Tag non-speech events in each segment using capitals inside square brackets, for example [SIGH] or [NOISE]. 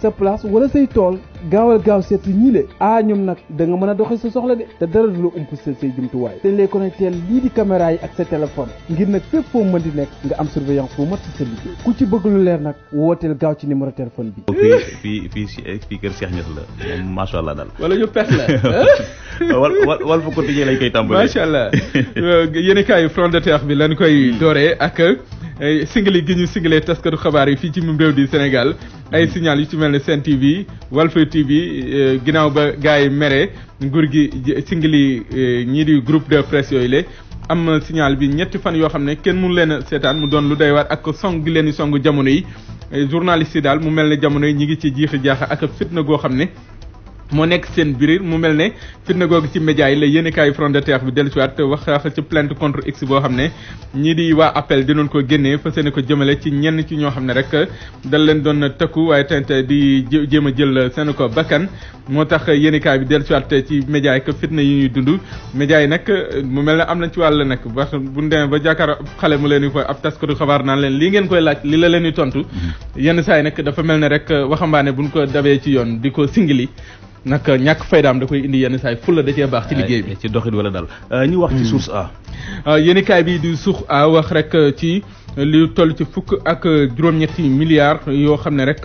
sa place wala say tool gaawal gaaw seet si ñii le ah ñoom nag da nga mën a doxee sa soxla de te dara du la ump sa say jumtuwaay te ñu lay ak sa téléphone ngir nag fépp foo mën di nekk nga am surveillance bu mat si sa liggéey ku ci bëgg lu leer nag wooteel gaaw ci numéro téléphone bi. fii fii fii eh, fii kër Cheikh Niass la moom macha allah daal. wala ñu perte la. [LAUGHS] wal wal wal fa continuer lañ koy tàmbalee. macha allah [LAUGHS] yéen kaayu front de terre bi lañ koy dooree ak. singali gi ñu singalee taskatu xabaar yi fii ci mu réew di Sénégal ay signal yu ci mel ne Sen TV Walfa TV eh, ginnaaw ba gars yi mere nguur gi singali eh, ñii di groupe de presse yooyu le am signal bi ñetti fan yoo xam ne kenn mënu leen a seetaan mu doon lu doy waar ak song gi leen di song jamono yi eh, journaliste yi daal mu mel ne jamono yi ñi ngi ci jiixi jaaxa ak fitna goo xam ne moo nekk seen birir mu mel ne fitna googu ci média la yéenekaay Front de Terre bi dellusiwaat wax ci plainte contre x boo xam ne ñii di waa appel dinoon ko génnee fas yéene ko jëmale ci ñenn ci ñoo xam ne rek dal leen doon tëkku waaye tamit di jéem a jël seen ko bakkan moo tax yéenekaay bi dellusiwaat ci média yi que fitna yi ñuy dund média yi nag mu mel ne am nañ ci wàll nag bu ñu demee ba jàkkaar xale mu leen di ko ab taskatu xabaar naa leen lii ngeen koy laaj la leen tontu mm-hmm. yenn saa yi nag dafa mel ne rek waxambaane buñ ko dabee ci yoon di ko singili nag ñàkk faydaam da koy indi yenn saay fulla da cee baax ci liggéey bi ci doxit wala daal euh, ñu wax ci mm. source a euh, yéenekaay bi di source a wax rek ci li toll ci fukk ak juróom-ñetti milliards yoo xam ne rek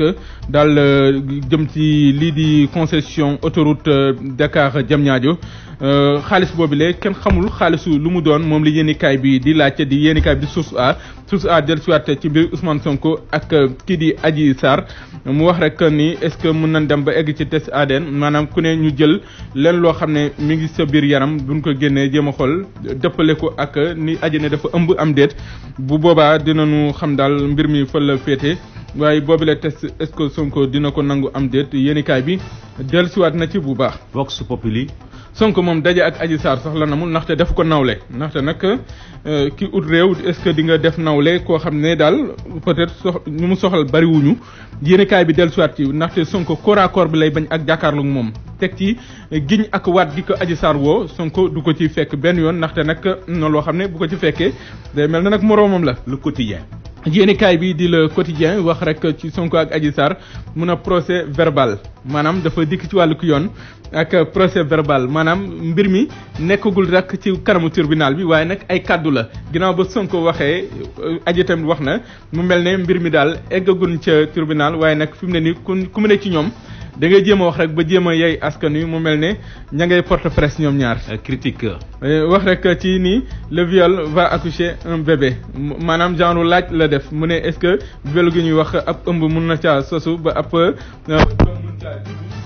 daal euh, jëm ci lii di concession autoroute euh, Dakar Diamniadio euh, xaalis le kenn xamul xaalisu lu mu doon moom li yéenikaay bi di laajte di yéenikaay bi di source a source a del siwaat ci biir Ousmane Sonko ak kii di Adji Sarr mu wax rek ni est-ce que mën nañ dem ba egg ci test ADN maanaam ku ne ñu jël leen loo xam ne mi ngi sa biir yaram buñ ko génnee jéem a xool dëppale ko ak ni aji ne dafa ëmb am déet bu boobaa dina dinañu xam daal mbir mi fa la féete waaye boobile test est-ce que Sonko dina ko nangu am déet yéenikaay bi dellusiwaat na ci bu baax. Vox Populi Sonko moom daje ak Adji Sarr soxla na namul ndaxte def ko nawle ndaxte nag euh, ki ut réew est-ce que di nga def nawle koo xam ne daal peut-être sox ñu mu soxal bariwuñu yéenekaay bi dellusiwaat ci ndaxte Sonko corps à bi lay bañ ak jàkkaarloog moom. teg ci euh, giñ ak waat gi ko Adji Sarr woo Sonko du ko ci fekk benn yoon ndaxte nag noonu loo xam ne bu ko ci fekkee mel na nag moroomam la le quotidien yéenekaay bi di le quotidien wax rek ci sonk ak Adji Sarr mun a procès verbal maanaam dafa dikk ci wàllu yoon ak procès verbal maanaam mbir mi nekkagul rek ci kanamu tribunal bi waaye nag ay kàddu la ginnaaw ba Sonko waxee euh, Adji tamit wax na mu mel ne mbir mi daal eggagun ca tribunal waaye nag fi mu ne nii ku mu ne ci ñoom. da ngay jéem a wax rek ba jéem a yey askan wi mu mel ne ña ngay porte presse ñoom ñaar. Euh, critique euh, wax rek ci nii le viol va accoucher un bébé maanaam genre laaj la def mu ne est-ce que ñuy wax ab ëmb mun na caa sosu ba ab. Euh,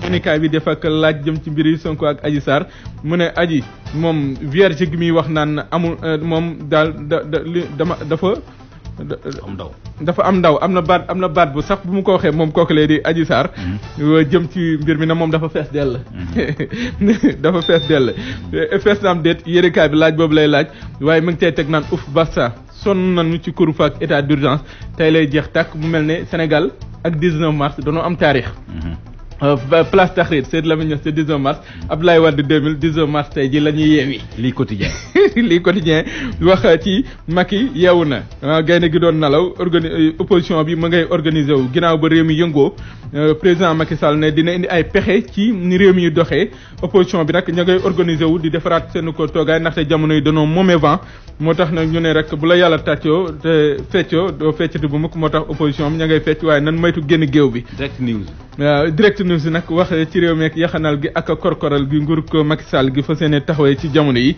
yéenekaay bi def ak laaj jëm ci mbir yi Sonko ak Adji Sarr mu ne aji moom vierge gi muy wax naan amul moom daal da dama dafa am dafa am ndaw am na baat am na baat bu sax bu mu ko waxee moom kooku lay di Adji Sarr. Mhm. jëm ci mbir mi na moom dafa fees dell. Mhm. [LAUGHS] dafa fees dell eh, fees na am déet yërekaay bi laaj boobu lay laaj waaye mu ngi tey teg naan uf basta sonn nañu ci kuréel ak état d'urgence tey lay jeex takk mu mel ne Sénégal ak 19 mars danoo am taarix. Mhm. Euh, euh, place Tahrir Seydou Lamine Niass 19 mars Abdoulaye Wade 2000 19 mars tey ji la yeewi lii quotidien [LAUGHS] lii quotidien wax euh, ci Macky yeewu na ah, gaynde gi doon nalaw organi opposition bi ma ngay organisé wu ginnaaw ba réew mi yëngoo président Macky Sall ne dina indi ay pexe ci ni réew mi doxee opposition bi nag ña ngay wu di defaraat seen ko toogaay ndaxte jamono yi danoo mome vent moo tax nag ñu ne rek bu la yàlla tàccoo te feccoo doo feccati bu mukk moo tax opposition am ña ngay waaye nan moytu génn géew bi direct news news nag wax ci réew meek yaxanal gi ak korkoral gi nguur ko Macky Sall gi fas yéene taxawee ci jamono yi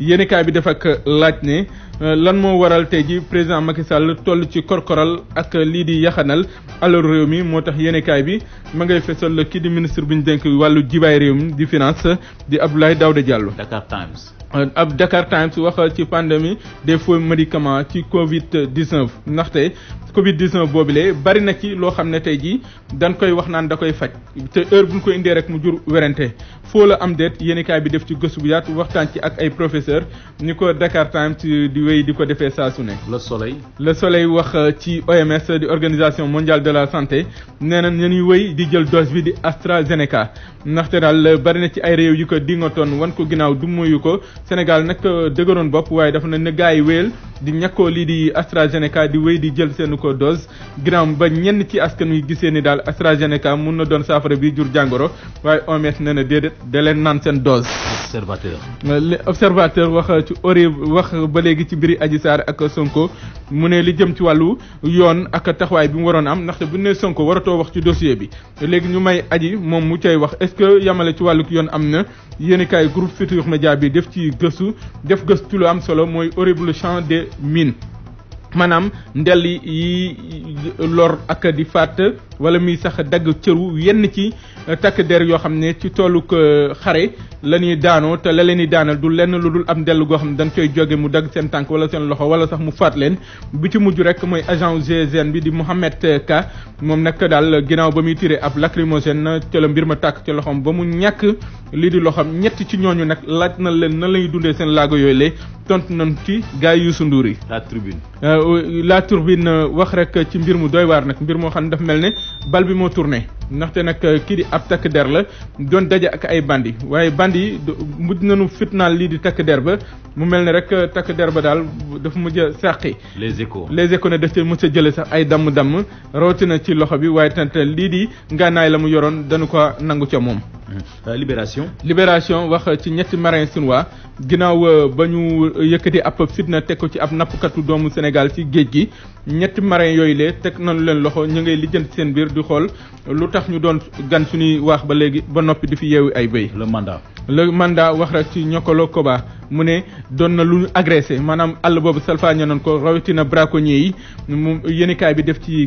yéenekaay bi def ak laaj ne euh, lan moo waral tey ji président Macky Sall toll ci korkoral ak lii di yaxanal alalu réew mi moo tax yéenekaay bi ma ngay fesal kii di ministre bi ñu dénk wàllu jibaay réew mi di finance di Abdoulaye Daouda Diallo. Dakar Times. Euh, ab Dakar Times wax ci pandémie des faux médicaments ci Covid 19 ndaxte Covid 19 boobule bari na ci loo xam ne tey jii dañ koy wax naan da koy faj te heure bu ñu ko indee rek mu jur werante foo la am déet yéenekaay bi def ci gëstu bu yaatu waxtaan ci ak ay professeurs. professeur ni ko Dakar Times di di ko defee saa ne. le soleil. le soleil wax euh, ci OMS di organisation mondiale de la santé nee na ñuy wéy di jël dose bi di AstraZeneca ndaxte daal euh, bari na ci ay réew yu ko dingatoon wan ko ginnaaw du muyu ko Sénégal nag euh, dëgëroon bopp waaye dafa na ne gaa yi wéyal di ñàkkoo lii di AstraZeneca di wéy di jël seenu ko dose ginnaaw ba ñenn ci askan wi gisee ni daal AstraZeneca mun na doon saafara bi jur jàngoro waaye OMS nee na déedéet da leen naan seen doos observateur. observateur wax ci ori wax ba léegi ci mbiri Adji Sarr ak Sonko mu ne li jëm ci wàllu yoon ak taxawaay bi mu waroon am ndaxte bu ne Sonko waratoo wax ci dossier bi léegi ñu may aji moom mu cay wax est-ce que yamale ci wàlluk yoon am na yéenekaay groupe Futurs Médias bi def ci gëstu def gëstu lu am solo mooy horrible champ des mines maanaam ndel yi lor ak di faat wala muy sax dagg cëru yenn ci takk der yoo xam ne ci tooluk euh, xare la ñuy daanoo te la leen di daanal du lenn lu dul am ndell goo xam ne dañ koy jóge mu dagg seen tànk wala seen loxo wala sax mu faat leen bi ci mujj rek mooy agent GIGN bi di Mohamed Ka moom nag daal ginnaaw ba muy tiré ab lacrymogène ca la mbir ma tàkk ci loxoom ba mu ñàkk lii di loxoom ñett ci ñooñu nag laaj na leen nan lay dundee seen laago yooyu le tontu nañ ci gars yi Youssou Ndour yi. Euh, la turbine euh, wax rek ci mbir mu doy waar nag mbir moo xam ne dafa mel ne bal bi moo tourné ndaxte nag euh, kii di ab takk der la doon daje ak ay bandi waaye bandi yi mujj nañu fitnaal lii di takk der ba mu mel ne rek takk der ba daal dafa mujj a sàqi les échos les échos ne daf ci mujj a jële sax ay damm-damm rawatina ci loxo bi waaye tamit lii di ngànnaay la mu yoroon danu ko nangu ca moom libération libération wax ci ñetti marin chinois ginnaaw euh, ba ñu euh, yëkkati ab fitna teg ko ci ab nappkatu doomu Sénégal ci géej gi ñetti marin yooyu lee teg nañu leen loxo ñu ngay lijjanti seen biir di xool lu tax ñu doon gan suñuy waax ba léegi ba noppi di fi yeewu ay bëy la mandat le mandat wax rek ci ñokkolo koba mu ne doon na lu ñu agressé maanaam àll boobu salfaañe nañ ko rawatina braconnier yi mu yéenekaay bi def ci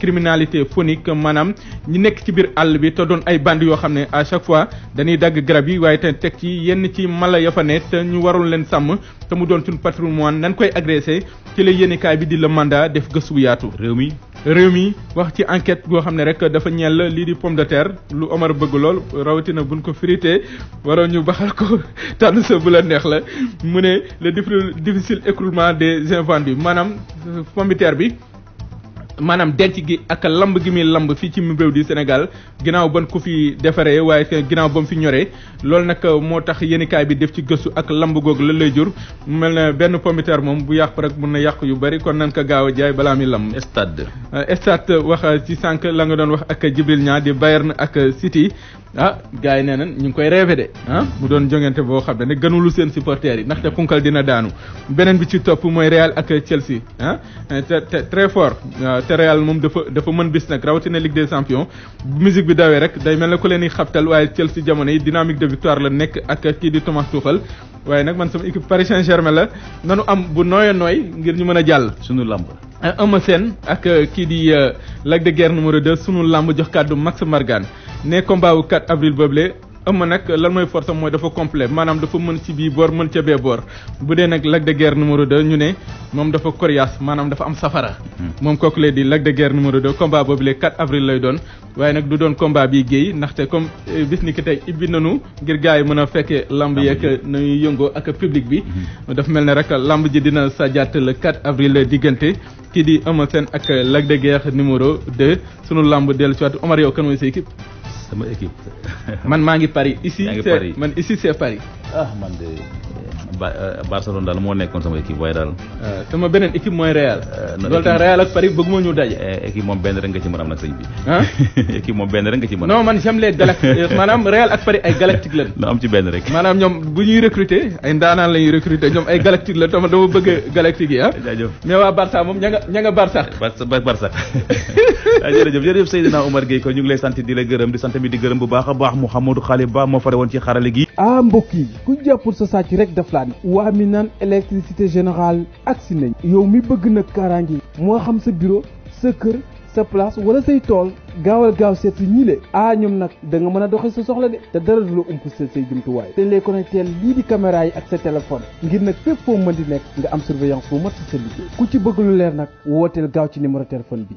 criminalité phonique maanaam ñi nekk ci biir àll bi te doon ay band yoo xam ne à chaque fois dañuy dagg garab yi waaye te teg ci yenn ci mala ya fa ne te ñu warul leen sàmm te mu doon suñu patrimoine nan koy agressé ci la yéenekaay bi di la mandat def gëstu bu yaatu réew mi réew mi wax ci enquête goo xam ne rek dafa ñeel lii di pomme de terre lu Omar bëgg lool rawatina buñ ko frité waroon ñu baxal ko [LAUGHS] tànn sa bu la neex la mu ne le difficile écroulement des bi maanaam pomme de terre bi maanaam denc gi ak lamb gi muy lamb fii ci mu réew di Sénégal ginnaaw ban ko fi defaree waaye ginaaw ba fi ñoree loolu nag moo tax yéenikaay bi def ci gëstu ak lamb googu la lay jur mel na benn pomiteer moom bu yàqu rek mun na yàqu yu bëri kon nan ko gaaw a jaay balaa mi lamb. stade. Euh, stade wax ci sànq la nga doon wax ak Jibril Niang di Bayern ak City ah gars yi nee nañ ñu ngi koy rêvé de ah mu doon jongante boo xam ne gënulu seen supporters yi ndaxte punkal dina daanu beneen bi ci topp mooy Real ak Chelsea ah te très fort ah, te Real moom dafa dafa mën bis nag rawatina Ligue des Champions bu musique bi dawee rek day mel ne ku leen di xabtal waaye Chelsea jamono yi dynamique de victoire la nekk ak kii di Thomas Tuchel waaye nag man sama équipe Paris Saint-Germain la nanu am bu nooy nooy ngir ñu mën a jàll suñu lamb am euh, a Sène ak euh, kii di euh, Lac de Guerre numéro 2 sunu làmb jox kàddu Max Margan ne combat wu 4 avril boobule Eumeu nag lan mooy force mooy dafa complet maanaam dafa mën ci biir boor mën ca bee bu dee nag Lac de Guerre numéro 2 ñu ne moom dafa coriace maanaam dafa am safara. Hmm. moom kooku lee di Lac de Guerre numéro 2 combat boobule 4 avril lay doon waaye nag du doon combat bi géey ndaxte comme bis ni ki tey ibbi nañu ngir gars yi mën a fekkee lamb yeeg nañuy yëngoo ak public bi. Hmm. dafa mel ne rek lamb ji dina sajaat le 4 avril diggante. kii di Eumeu Sène ak lag de Guiers numéro 2 sunu làmb dellu si waat Omar yow kan mooy sa équipe. man maa ngi Paris ici c'est man ici c'est Paris. ah Euh, Barcelone daal moo nekkoon sama équipe waaye daal. Euh, sama beneen équipe mooy Real. Euh, loolu tax Real ak Paris bëgguma ñu daje. Eh, équipe moom benn rek nga ci mën a am nag sëñ bi. [LAUGHS] équipe moom benn rek nga ci a. non man j'aime les galactiques maanaam Real ak Paris ay galactique lañ. [LAUGHS] am ñoom bu ñuy recruter ay ndaanaan la ñuy ñoom ay galactique la dama dama bëgg galactique yi ah. jaajëf mais waa moom ña nga ña nga Barça. [LAUGHS] Barça Barça. Ah, jërëjëf jërëjëf ñu ngi lay sant di la gërëm di sant mi di a waxtaan waa mi naan électricité ak agsi nañ yow mi bëgg nag kaaraange moo xam sa bureau sa kër sa place wala say tool gaawal gaaw seet si ñi le ah nag da nga mën a doxee sa soxla de te dara du la ump sa say jumtuwaay te lay connecté lii di caméra yi ak sa téléphone ngir nag fépp foo mën di nekk nga am surveillance bu mat si sa liggéey ku ci bëgg leer nag wooteel gaaw ci numéro téléphone bi